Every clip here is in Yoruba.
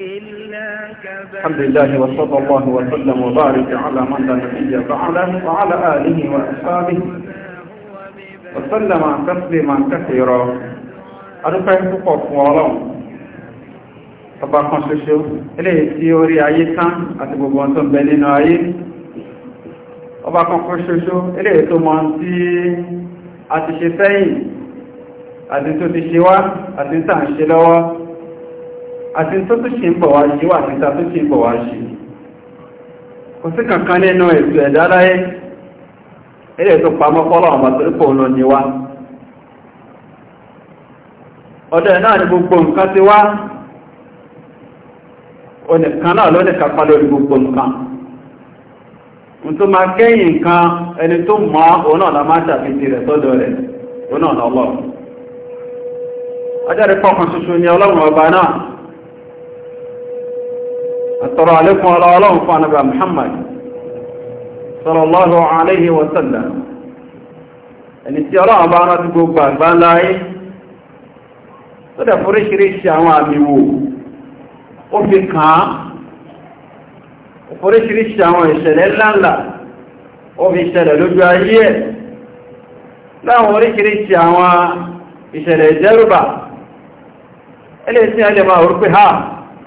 الحمد لله وصلى الله وسلم وبارك على من لا نبي بعده وعلى آله وأصحابه وسلم تسليما كثيرا adúpẹ́ púpọ̀ fún ọlọ́run ọba kan ṣoṣo eléyìí tí ó rí ayé tán àti gbogbo tó ń bẹ nínú ayé ọba kan kan ṣoṣo eléyìí tó mọ̀ tí a ti ṣe sẹ́yìn àti tó ti ṣe wá àti tàn ṣe lọ́wọ́ àti tó tó ṣe ń bọ̀ wá ṣe wà títa tó ṣe ń bọ̀ wá ṣe kò sí kankan nínú ètò ẹ̀dá láyé ilé tó pamọ́ fọ́lọ́ àwọn àtòrípò lọ ní wá nka náà ni gbogbo nǹkan ti wá onìkan náà ló lórí gbogbo nǹkan n tó la àtọ̀rọ̀ àlékún ọlá ọlọ́run fún anábà Muhammad sallallahu alaihi wa sallam ẹni tí ọlọ́run bá rántí gbogbo àgbá láyé tó dẹ̀ foríṣiríṣi àwọn àmì wò ó fi kàn án foríṣiríṣi àwọn ìṣẹ̀lẹ̀ ńláńlá ó fi ṣẹlẹ̀ lójú ayé ẹ̀ láwọn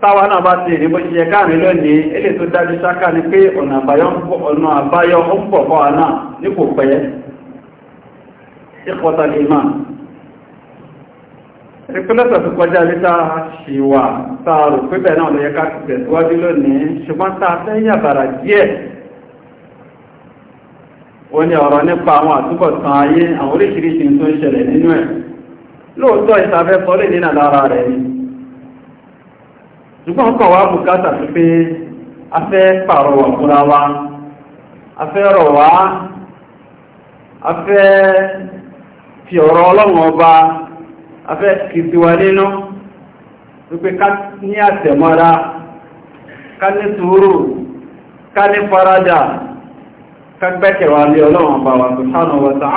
táwa náà bá ti rí bó ṣe káàrin lónìí ilé tó dájú sáká ní pé ọ̀nà ń pọ̀ fọ́ ní kò pẹ́ ìkọta lè máa tó kọjá lítà ṣìwà tààrù pípẹ̀ náà lọ yẹ ká tẹ̀síwájú lónìí ṣùgbọ́n tàà fẹ́ díẹ̀ ó ní ọ̀rọ̀ nípa àwọn ayé àwọn tó ń ṣẹlẹ̀ nínú ẹ̀ lóòótọ́ nínà lára rẹ̀ ni ṣùgbọ́n wa bùkátà sí pé a fẹ́ pàrọwà fúnra wa a fẹ́ rọ̀ wá a fẹ́ fi ọ̀rọ̀ ọlọ́run ọba a fẹ́ kìtìwà nínú wípé ká ní àtẹ̀mọ́ra ká ní sùúrù ká ní ká gbẹ́kẹ̀wà ọlọ́run ọba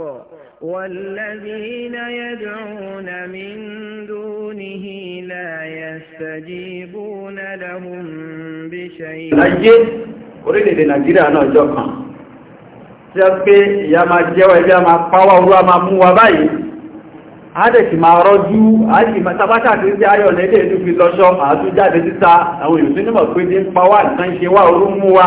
الحق والذين يدعون من دونه لا يستجيبون لهم بشيء ajé orílẹ̀-èdè nàìjíríà náà jọ kan tí a pé ìyá máa jẹ́wọ́ ẹgbẹ́ a máa pàwọ́ orú máa mú wa báyìí àádẹ́sì máa rọ́jú àádìmọ̀tàbátà ayọ̀ lẹ́dẹ̀ẹ́dù fi lọ́ṣọ́ àtújáde títà àwọn ìrùsúnmọ̀ pé ní pàwọ́ àtàn ṣe wá orú mú wa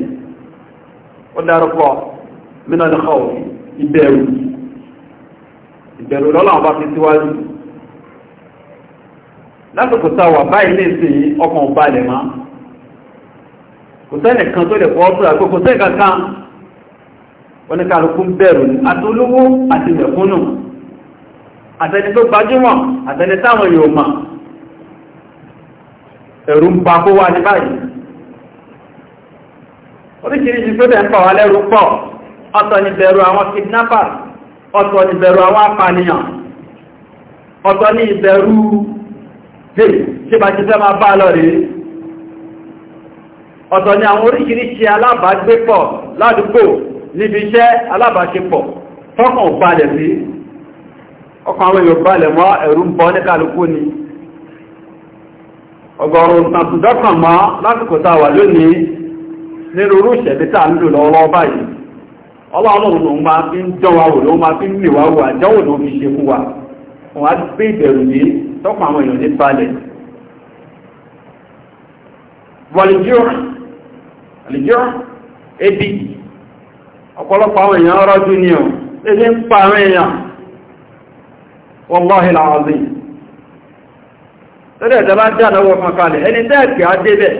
ó dárúkọ mínà ní kọ́ ìbẹ̀rù ìbẹ̀rù lọ́lọ́wọ́ bá fi síwájú lásìkò táwà báyìí lè sí ọkàn balẹ̀ máa kò sẹ́nì kan tó lè fọ́ ọ́tọ́ àti kò sẹ́nì kankan oníkàlùkù bẹ̀rù àti olówó àti mẹ̀kúnnù àtẹni tó gbajúmọ̀ àtẹni táwọn yóò mọ̀ ẹ̀rù ń pa kó wá ní báyìí oríṣiríṣi tó dẹ̀ ń pọ̀ wá lẹ́rú pọ̀ ọ̀tọ̀ ni bẹ̀rù àwọn kidnappers ọ̀tọ̀ ni bẹ̀rù àwọn apànìyàn ọ̀tọ̀ ni ìbẹ̀rù ṣe bá ti fẹ́ máa bá lọ rí ọ̀tọ̀ ni àwọn oríṣiríṣi alábàágbépọ̀ ládùúgbò níbi iṣẹ́ alábàáṣepọ̀ tọ́kàn balẹ̀ ni ọgọ́rùn-ún tàbí dọ́kàn mọ́ lásìkò tá a wà lónìí nínú orú ìṣẹ̀bí tà ń lò lọ́wọ́ báyìí ọlọ́run ló máa fi ń jọwa wò ló máa fi ń lèwà wò àjọwò ló fi ṣe fún wa wọ́n á gbé ìbẹ̀rù ní tọ́pọ̀ àwọn èèyàn ní balẹ̀ ebi ọ̀pọ̀lọpọ̀ àwọn èèyàn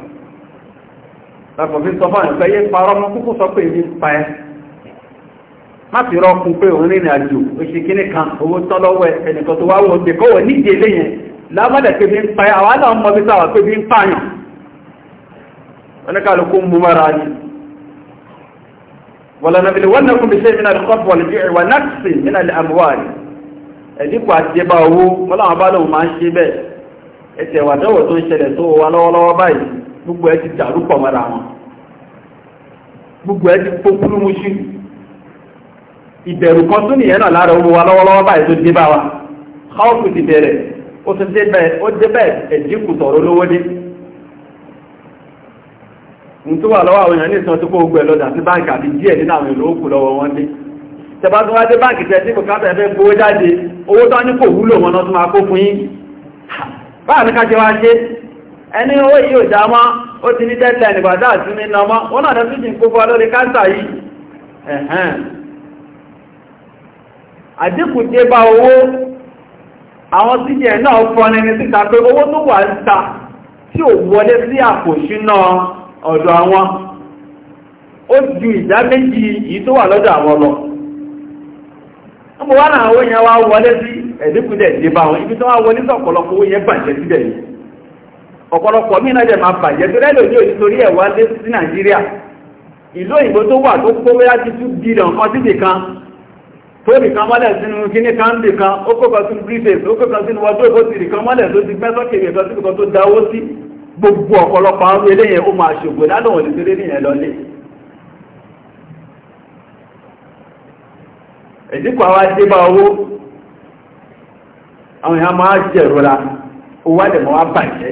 lápòfí sọ fún àyànfẹ́ yé parọ́ mọ́ kúkú sọ pé ibi ń pa ẹ́ má fi rọ́kùn pé òun rìnrìn àjò oṣù kíní kan owó tán lọ́wọ́ ẹnìkan tó wáwọ́ oúnjẹ kọ́wọ́ nídìí eléyẹn lábàdà pé bí ń pa ẹ́ àwọn náà mọ́ bí sáwà pé bí ń pààyàn oníkàlùkù mú mara ni ولنبلونكم بشيء من الخوف والجوع ونقص من الاموال ẹ̀dínkù àti ẹbá owó mọ́láwọn bá lóun máa ń ṣe bẹ́ẹ̀ ẹ̀tẹ̀wàdọ́wọ̀ tó ń ṣẹlẹ̀ tó wà lọ́wọ́lọ́wọ́ báyìí gbogbo ẹ ti dàrú pọ̀ mọ́ra wọn gbogbo ẹ ti pokúrú mú sí ìbẹ̀rù kan tó nìyẹn náà lára owó wa lọ́wọ́lọ́wọ́ báyìí tó dé bá wa káwọ́pù ti bẹ̀rẹ̀ ó ti dé bẹ́ẹ̀ ó dé bẹ́ẹ̀ ẹ̀dínkù tọ̀rọ̀ lówó dé ní tó wà lọ́wọ́ àwọn èèyàn ní ìsan tó kó gbẹ lọ́dà sí báńkì àti díẹ̀ nínú àwọn èèyàn òkú lọ́wọ́ wọn dé tẹ̀bá tó wá dé báńkì tẹ̀ sí kò káfẹ́ gbowó jáde owó tó ní kò wúlò wọn lọ́tún máa kó fún yín báà ká ṣe wá ṣe ẹni owó yìí ò já mọ́ ó ti ní tẹ́tẹ́ ìbàdá àti ní nọmọ́ wọ́n náà tẹ́sí jìn kópa lórí káńtà yìí ẹ̀hẹ́n àdínkù tí bá owó àwọn títí ẹ̀ náà fọ́nà ẹni síta pé owó tó wà ń ta tí ò wọlé sí ọ̀dọ̀ àwọn ó ju ìdá méjì yìí tó wà lọ́dọ̀ àwọn lọ ọmọ wá náà owó yẹn wá wọlé sí ẹ̀dínkù dé bá wọn ibi ọ̀pọ̀lọpọ̀ mìíràn jẹ́ máa bàjẹ́ tó rẹ́lò ní òjú torí ẹ̀wà lé sí nàìjíríà ìlú òyìnbó tó wà tó kó wẹ́lá ti tún bílíọ̀n kan títì kan tó nìkan mọ́lẹ̀ sínú kíní kan lè kan ó kó kan sínú briefcase ó kó kan sínú wọ́n tó èkó sì nìkan mọ́lẹ̀ tó ti gbẹ́sọ́ kèrè kan sí nìkan tó dáwó sí gbogbo ọ̀pọ̀lọpọ̀ àwọn eléyẹn ó máa ṣògbò lálọ́ òní tó lé lọlé ìdíkọ̀ àwọn ajébá owó àwọn èèyàn máa jẹ̀rora owó àdẹ̀mọ́ wá bàjẹ́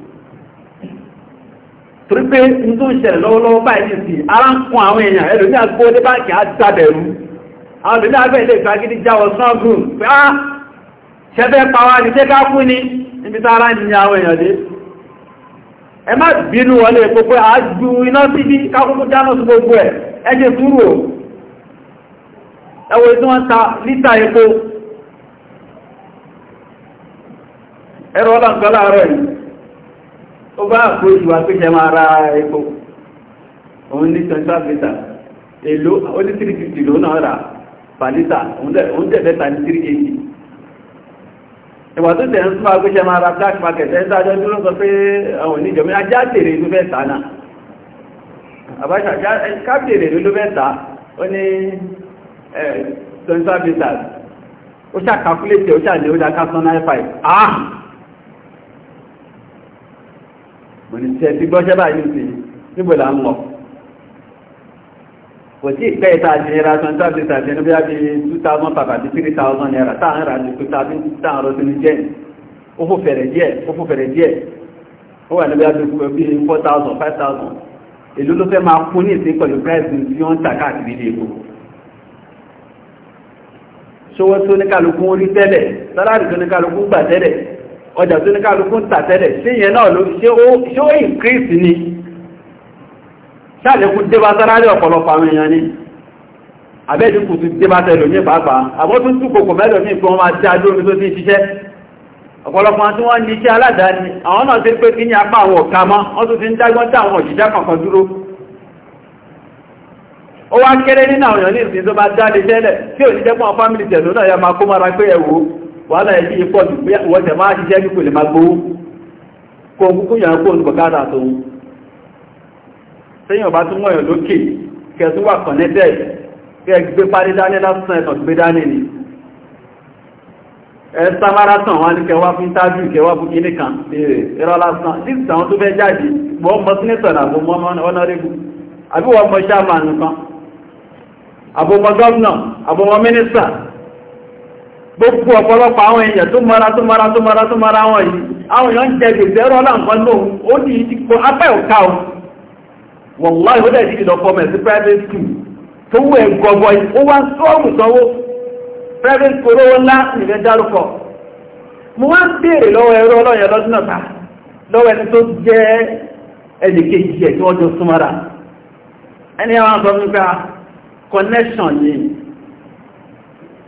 torí pé n tó ń ṣẹlẹ̀ lọ́wọ́lọ́wọ́ báyìí sí ara ń àwọn èèyàn ẹlò ní àgbó dé báńkì á àwọn olùdí àgbẹ̀ ilé ìgbàgídí jáwọ̀ strong room pé á ah, ṣẹfẹ́ pàwà ní ṣẹ́ká kú ní níbi tára ní àwọn èèyàn dé ẹ a ju iná síbi kákúkú jáná sí gbogbo ó bá àpòjù wa pé jẹma ara epo òun ní 25 litre èlò ó 350 ló náà rà pàlítà òun tẹ̀fẹ́ tà ní 380 ìwà tó tẹ̀ ń súnmọ́ pé jẹma black market ẹ̀ sáájọ́ tó sọ pé àwọn oníjọmí ajá tèrè ló fẹ́ náà ó ṣàkàkúlé tẹ̀ ó ṣàlẹ̀ ó dá ká ah mo ní tẹ́ ti gbọ́ṣẹ́ báyìí sí níbo là ń lọ kò sí ìpẹ́ ìta àjẹyẹra san tó àti ìtàjẹ ní bí a fi two thousand five àti three thousand naira tá à ń ra ní kó tàbí tá à ń rọ sínú jẹ́ ó fò fẹ̀rẹ̀ díẹ̀ ó fò fẹ̀rẹ̀ díẹ̀ ó wà ní bí a fi kúrò bí four thousand five thousand èló ló fẹ́ máa kún ní ìsìn pẹ̀lú price tí wọ́n ń tà káàkiri ilé epo ṣówó tó ní kálukú rí tẹ́lẹ̀ sálárì tó ní kálukú gbà tẹ́lẹ̀ ọjà tó ní kálukú ń tà tẹ́lẹ̀ sí yẹn náà ló ṣe ó ìkírísì ni ṣàlékún débá sárárí ọ̀pọ̀lọpọ̀ àwọn èèyàn ni àbẹ́dínkù tún débá tẹ́lò ní pàápàá àbọ́tún tún kòkò mẹ́lò ní ìpín wọn máa tí adóomi tó ti ṣiṣẹ́ ọ̀pọ̀lọpọ̀ tí wọ́n ní iṣẹ́ aládàáni àwọn náà ti pé kí ní apá àwọn ọ̀ka mọ́ wọ́n tún ti ń dágbọ́n tí àwọn òṣìṣẹ́ kankan dúró ó wá kéré nínú àwọn èèyàn ní ìsìn tó bá dá lè tẹ́lẹ̀ tí òṣìṣẹ́ pọ̀ fámìlì tẹ̀lú náà ya máa kó mara pé ẹ̀wò wàhálà ẹ̀kí ipọ̀ jù pé wọ́n tẹ̀ máa ṣiṣẹ́ kíkò lè máa gbówó kó kúkú yàn kó ní bọ̀kátà tó wù sẹ́yìn ọba tún wọ̀nyàn lókè kẹtún wà connected kẹ gbé parí dání lásán ẹ̀tàn gbé dání ni ẹ samara tàn wá ní kẹwàá fún tájú kẹwàá fún kíní kan léèrè ẹ̀rọ lásán díìsì àwọn tó fẹ́ jáde mọ́ mọ́ sínítọ̀ àbò mọ́ ọ̀nàrẹ́bù àbí wọ́n mọ́ sáàmà nìkan àbò mọ́ gọ́ọ̀nà àbò mọ́ mínísítà gbogbo ọ̀pọ̀lọpọ̀ àwọn èèyàn tó mara tó mara tó mara tó mara wọn yìí àwọn èèyàn jẹ gbèsè ẹ̀rọ ọlọ́nkan ó ní apẹ́ òká o wọ̀n láì ó dẹ̀ ìdọ̀kọ́ private school tó ó wá sọ́ọ̀mù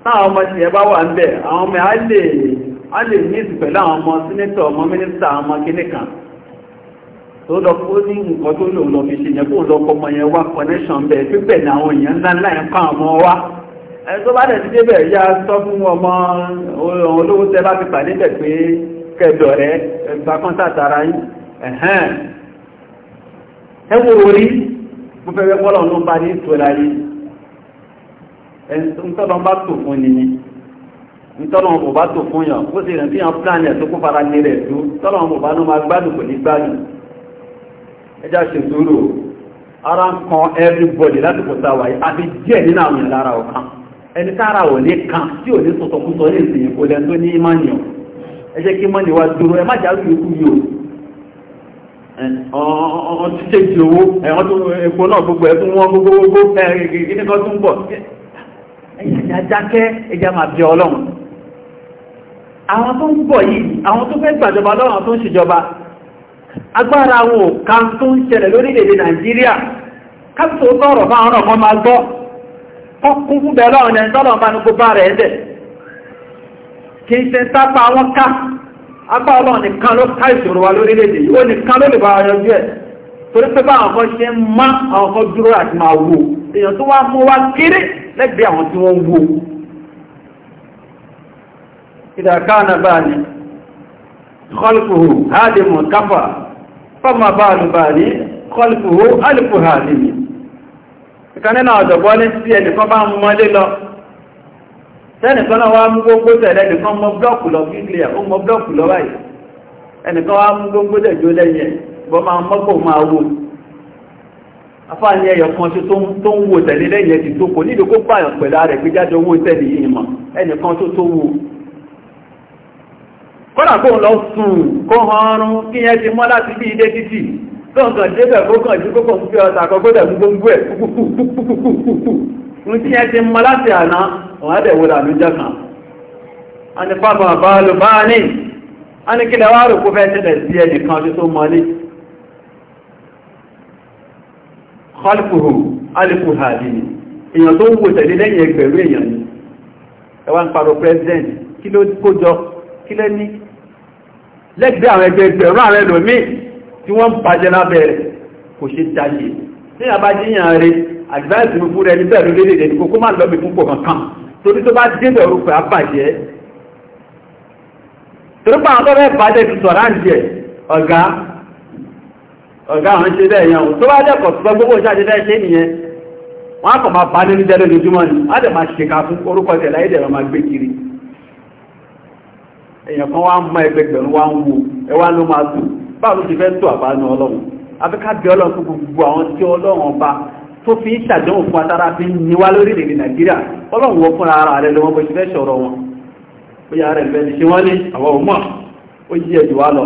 táwọn ọmọ ti ẹbá wà ń bẹ̀ àwọn ọmọ a lè ní ìsì pẹ̀lú àwọn ọmọ sínẹ́tọ̀ ọmọ mínísítà ọmọ kíní kan tó lọ kó ní nǹkan tó lòun lọ fi ṣe yẹn kó lọ kọ ọmọ yẹn wá connection bẹ̀ pípẹ̀ ní àwọn èèyàn ńlá ńlá ń pa ọmọ wa ẹ tó bá dẹ̀ ti débẹ̀ yá sọ fún ọmọ olówó tẹ́ bá fi pàdé bẹ̀ pé kẹdọ̀ rẹ ẹgbà kan sàtara yìí ẹ̀hẹ́n ẹ wo ntọ́lọ́ bá tò fún ni ni ntọ́lọ́ wọn kò bá tò fún yàn ó sì rìn tí yàn plan yẹn tó kó fara ní rẹ̀ tó tọ́lọ́ wọn kò bá náà máa gbádùn kò ní gbádùn ẹjá ṣe ara ń kan everybody láti kò sáwà yìí àfi díẹ̀ nínú àwọn yẹn lára ọ̀kan ẹni tára ò ní kan tí ò ní sọ̀tọ̀kúsọ ní ìsìn kò lẹ́nu tó ní ìmánìyàn ẹ jẹ́ kí mọ́ni wa dúró ẹ má jà lù ikú yìí o ọ̀n ti ṣe ìdí owó ẹ̀wọ̀n tó epo náà gbogbo ẹ̀ tún wọ́n gbogbo gbogbo ẹ̀ kíníkan tún bọ̀ ẹ̀yà dákẹ́ ẹjá máa bí ọlọ́run àwọn tó ń bọ̀ yìí àwọn tó fẹ́ gbàjọba lọ́wọ́n tó ń ṣèjọba agbára wọn ò ká tó ń ṣẹlẹ̀ lórílẹ̀-èdè Nàìjíríà káàtó lọ́rọ̀ fún àwọn ọmọ máa gbọ́ kọ́kún fún bẹ̀rẹ̀ ọ̀nà ìtọ́lọ̀ bá ní kó bá rẹ̀ ẹ̀dẹ̀ kì í ṣe sápa wọn ká apá ọlọ́run nìkan ló ká ìṣòro wa lórílẹ̀-èdè yìí ó nìkan ló lè bá yanjú ẹ̀ torí àwọn kan ṣe ń lẹ́gbẹ̀ẹ́ àwọn tí wọ́n wó ìdàkánà bá ní kọlùkùhù hádìmù káfà fọ́mà bá lùbà ní kọlùkùhù alùkù hádìmù ìkanínà ọ̀dọ̀gbọ́ ní sí ẹnìkan bá mú mọ́lé lọ tẹ́nìkan náà wá mú gbogbo tẹ̀lé ẹnìkan mọ́ blọ́ọ̀kù lọ bíblia ó mọ́ blọ́ọ̀kù lọ báyìí ẹnìkan wá mú afáàní ẹyọ kan tí tó ń wo tẹ̀lé lẹ́yìn ẹ̀tì tó kò nílò kó pààyàn pẹ̀lá rẹ̀ pé jáde owó tẹ̀lé yìí mọ̀ ẹnì kan tó tó wo kọ́nà kó lọ sùn kó hanrun kí yẹn ti mọ́ láti bí ilé títì tóǹkàn débẹ̀ kókàn jí kókàn fún ọ̀tà àkọ́kọ́dẹ̀ gbogbo ẹ̀ kúkúkúkúkú tí yẹn ti mọ́ láti àná ọ̀hán dẹ̀ wọ́n lànú jẹ́ kan a ní pápá bá lò bá ní a ní kílẹ̀ wá rò kó fẹ́ tẹ̀lẹ̀ sí ẹnìkan tó tó mọ́lé kọlùkùhù alìkùhàdì èèyàn tó ń wò tẹ̀lé lẹ́yìn ẹgbẹ̀rún èèyàn ni ẹwà ń parọ́ president kí ló kójọ kí lẹ́ ní lẹ́gbẹ́ àwọn ẹgbẹ́ ẹgbẹ̀rún àwọn ẹlòmí tí wọ́n ń bàjẹ́ lábẹ́rẹ̀ kò ṣe dáyé tí a bá jíyàn rẹ̀ advice mú fún ẹni bẹ̀rù lédèdè ní kókó máa lọ́bí púpọ̀ kankan torí tó bá dé bẹ̀rù pẹ̀ àbàjẹ́ torípa àwọn tó fẹ́ bàjẹ́ ti sọ̀rọ̀ àǹjẹ́ ọ̀gá ọ̀gá àwọn ṣe bẹ́ẹ̀ yẹn tó bá jẹ́ kọ̀tùkọ́ gbogbo ṣáàṣe bẹ́ẹ̀ ṣe nìyẹn wọ́n á kọ̀ máa bá nínú jẹ́ lójoojúmọ́ ni wọ́n á dẹ̀ máa ṣèkà fún orúkọ tẹ̀lá ìdẹ̀ máa gbé kiri èèyàn kan wá ń mọ ẹgbẹgbẹ̀rún wá ń wo ẹwà ló máa tù báwo ti fẹ́ tó àbánú ọlọ́run afẹ́ká bí ọlọ́run fún gbogbo àwọn tí ọlọ́run ọba tó fi ń ṣàdánwò fún atára fi ń niwá lórílẹ̀-èdè nàìjíríà ọlọ́run wọ fúnra ara rẹ̀ lọ́wọ́ bó ṣe fẹ́ ṣọ̀rọ̀ wọn ó yà rẹ̀ fẹ́ ṣe wọ́n ní àwọn òmùọ̀ ó yí ẹ̀jù wá lọ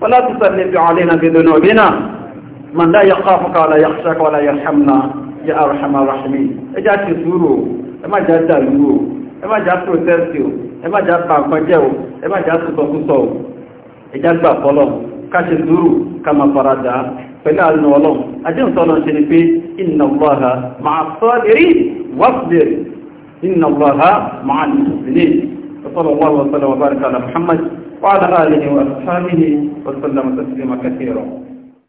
ولا تسلط علينا بذنوبنا من لا يخافك ولا يخشاك ولا يرحمنا يا أرحم الراحمين ẹjá ti sùúrù ẹ má jà dàlú o ẹ má jà protest o ẹ má jà pàǹkanjẹ́ o ẹ má jà sùtọ̀kútọ̀ o ẹjá gbà fọ́lọ̀ káṣe sùúrù ká ma farada pẹ̀lú àánú ọlọ́run ajẹ́ǹtọ́lọ́ ṣe ni pé inna Allaha ma'a sabirin wasbir inna Allaha ma'a al-muslimin sallallahu alaihi wa sallam wa baraka ala Muhammad وعلى آله وأصحابه وسلم تسليما كثيرا